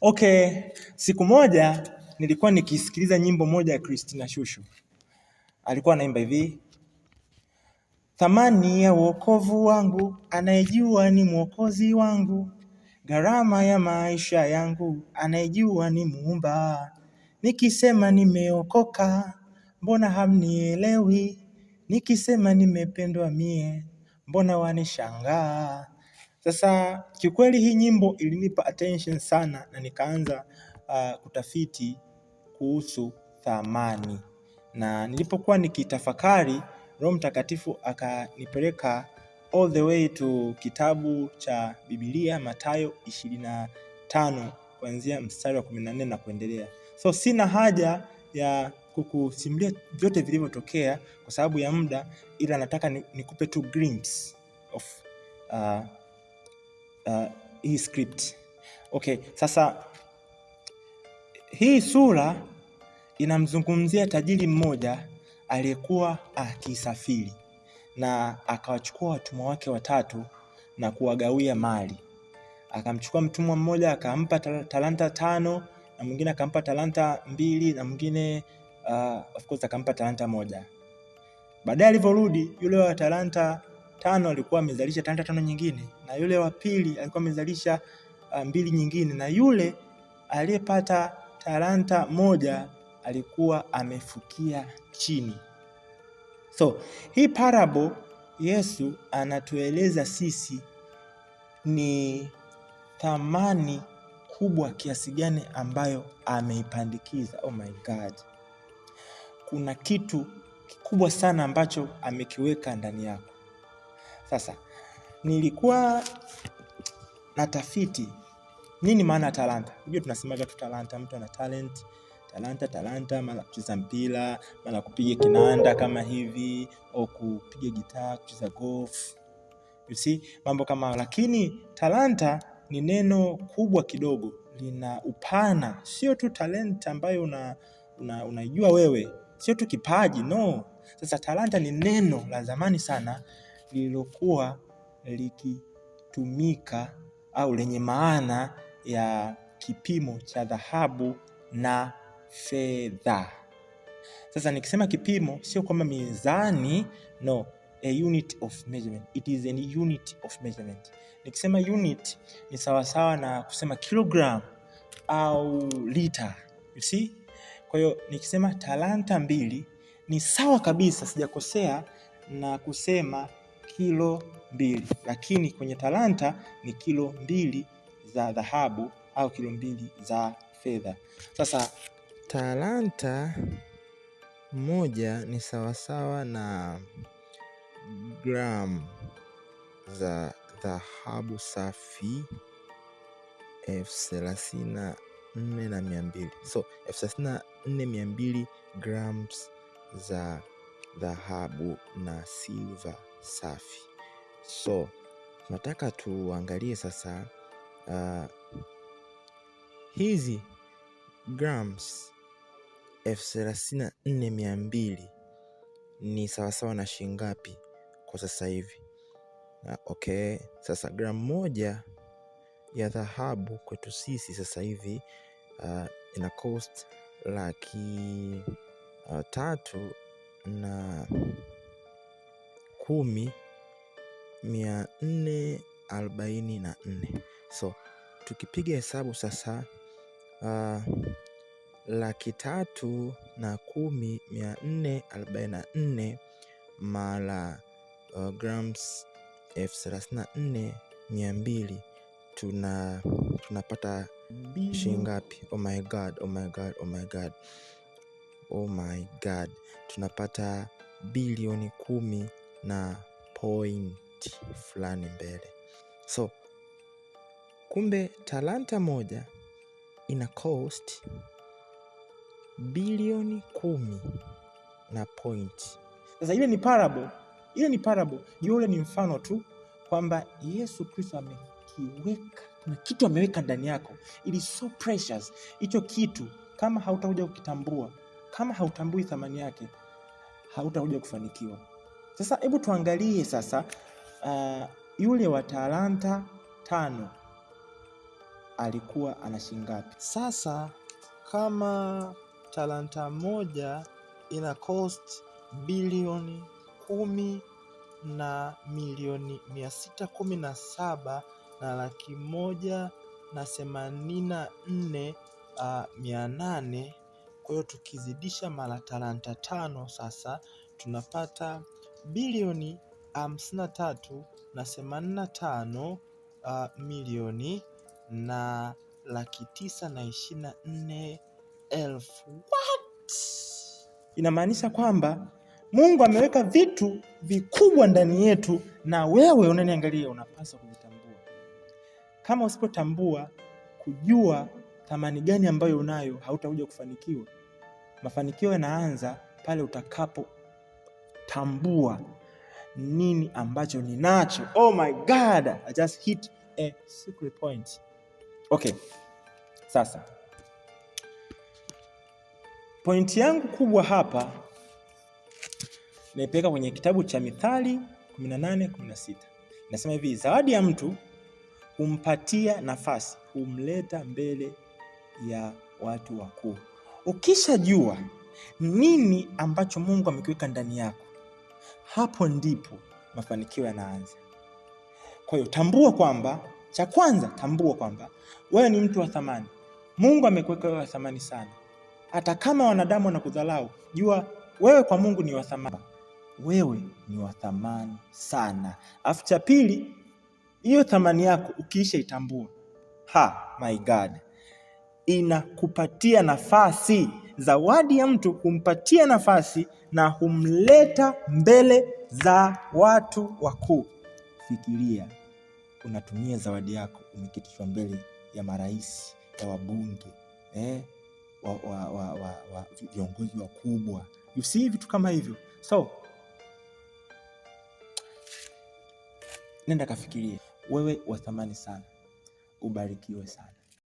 Okay, siku moja nilikuwa nikisikiliza nyimbo moja ya Christina shushu Alikuwa anaimba hivi: thamani ya wokovu wangu anayejua ni mwokozi wangu, gharama ya maisha yangu anayejua ni Muumba. Nikisema nimeokoka, mbona hamnielewi? Nikisema nimependwa mie, mbona wanishangaa? Sasa kiukweli hii nyimbo ilinipa attention sana na nikaanza uh, kutafiti kuhusu thamani, na nilipokuwa nikitafakari, Roho Mtakatifu akanipeleka all the way to kitabu cha Biblia Mathayo 25 kuanzia mstari wa 14 na kuendelea. So sina haja ya kukusimulia vyote vilivyotokea kwa sababu ya muda, ila nataka nikupe tu glimpse of uh, uh, hii script. Okay, sasa hii sura inamzungumzia tajiri mmoja aliyekuwa akisafiri na akawachukua watumwa wake watatu na kuwagawia mali. Akamchukua mtumwa mmoja akampa talanta tano na mwingine akampa talanta mbili na mwingine uh, of course akampa talanta moja. Baadaye alivyorudi yule wa talanta tano alikuwa amezalisha talanta tano nyingine, na yule wa pili alikuwa amezalisha ah, mbili nyingine, na yule aliyepata talanta moja alikuwa amefukia chini. So hii parable Yesu anatueleza sisi ni thamani kubwa kiasi gani ambayo ameipandikiza. Oh my God, kuna kitu kikubwa sana ambacho amekiweka ndani yako. Sasa nilikuwa natafiti nini maana ya talanta. Unajua tunasemaga tu talanta, mtu ana talent talanta talanta, mara kucheza mpira, mara kupiga kinanda kama hivi, au kupiga gitaa, kucheza golf, you see mambo kama, lakini talanta ni neno kubwa kidogo, lina upana, sio tu talent ambayo una unaijua wewe, sio tu kipaji no. Sasa talanta ni neno la zamani sana lililokuwa likitumika au lenye maana ya kipimo cha dhahabu na fedha. Sasa nikisema kipimo, sio kwamba mizani, no, a unit of measurement, it is a unit of measurement. Nikisema unit ni sawasawa na kusema kilogram au lita, you see. Kwa hiyo nikisema talanta mbili ni sawa kabisa, sijakosea na kusema kilo mbili, lakini kwenye talanta ni kilo mbili za dhahabu au kilo mbili za fedha. Sasa talanta moja ni sawasawa na gramu za dhahabu safi elfu thelathini na nne na mia mbili so elfu thelathini na nne mia mbili grams za dhahabu na silver safi. So nataka tuangalie sasa uh, hizi grams elfu thelathini na nne mia mbili ni sawasawa na shilingi ngapi kwa sasa hivi? Okay, sasa gramu moja ya dhahabu kwetu sisi sasa hivi uh, ina cost laki uh, tatu na kumi mia nne arobaini na nne. So tukipiga hesabu sasa uh, laki tatu na kumi mia nne arobaini na nne mara uh, grams elfu thelathini na nne mia mbili tuna tunapata shilingi ngapi? Oh my god, oh my god, oh my god, oh my god, tunapata bilioni kumi na point fulani mbele. So kumbe talanta moja ina cost bilioni kumi na point. Sasa ile ni parabo ile ni parable, yule ni mfano tu kwamba Yesu Kristo amekiweka, kuna kitu ameweka ndani yako, ili so precious. Hicho kitu kama hautakuja kukitambua, kama hautambui thamani yake, hautakuja kufanikiwa. Sasa hebu tuangalie sasa, uh, yule wa talanta tano alikuwa ana shilingi ngapi? Sasa kama talanta moja ina cost bilioni kumi na milioni mia sita kumi na saba na laki moja na themanini na nne uh, mia nane. Kwa hiyo tukizidisha mara talanta tano sasa tunapata bilioni hamsini na tatu na tano uh, milioni na laki tisa na ishirini na nne elfu. What? Inamaanisha kwamba Mungu ameweka vitu vikubwa ndani yetu, na wewe unaniangalia, unapaswa kuvitambua. Kama usipotambua kujua thamani gani ambayo unayo, hautakuja kufanikiwa. Mafanikio yanaanza pale utakapo tambua nini ambacho ninacho. Oh my God, I just hit a secret point. Okay, sasa pointi yangu kubwa hapa naipeleka kwenye kitabu cha Mithali 18 16. Nasema hivi, zawadi ya mtu humpatia nafasi, humleta mbele ya watu wakuu. Ukishajua nini ambacho Mungu amekiweka ndani yako hapo ndipo mafanikio yanaanza. Kwa hiyo tambua kwamba, cha kwanza, tambua kwamba wewe ni mtu wa thamani. Mungu amekuweka wewe wa thamani sana. Hata kama wanadamu wanakudhalau jua wewe kwa Mungu ni wa thamani, wewe ni wa thamani sana. Alafu cha pili, hiyo thamani yako ukiisha itambua, ha my God, inakupatia nafasi zawadi ya mtu humpatia nafasi na humleta mbele za watu wakuu. Fikiria, unatumia zawadi yako, umeketishwa mbele ya marais, ya wabunge, eh, wa, wa, wa, wa, wa viongozi wakubwa, you see vitu kama hivyo. So nenda kafikiria, wewe wa thamani sana, ubarikiwe sana.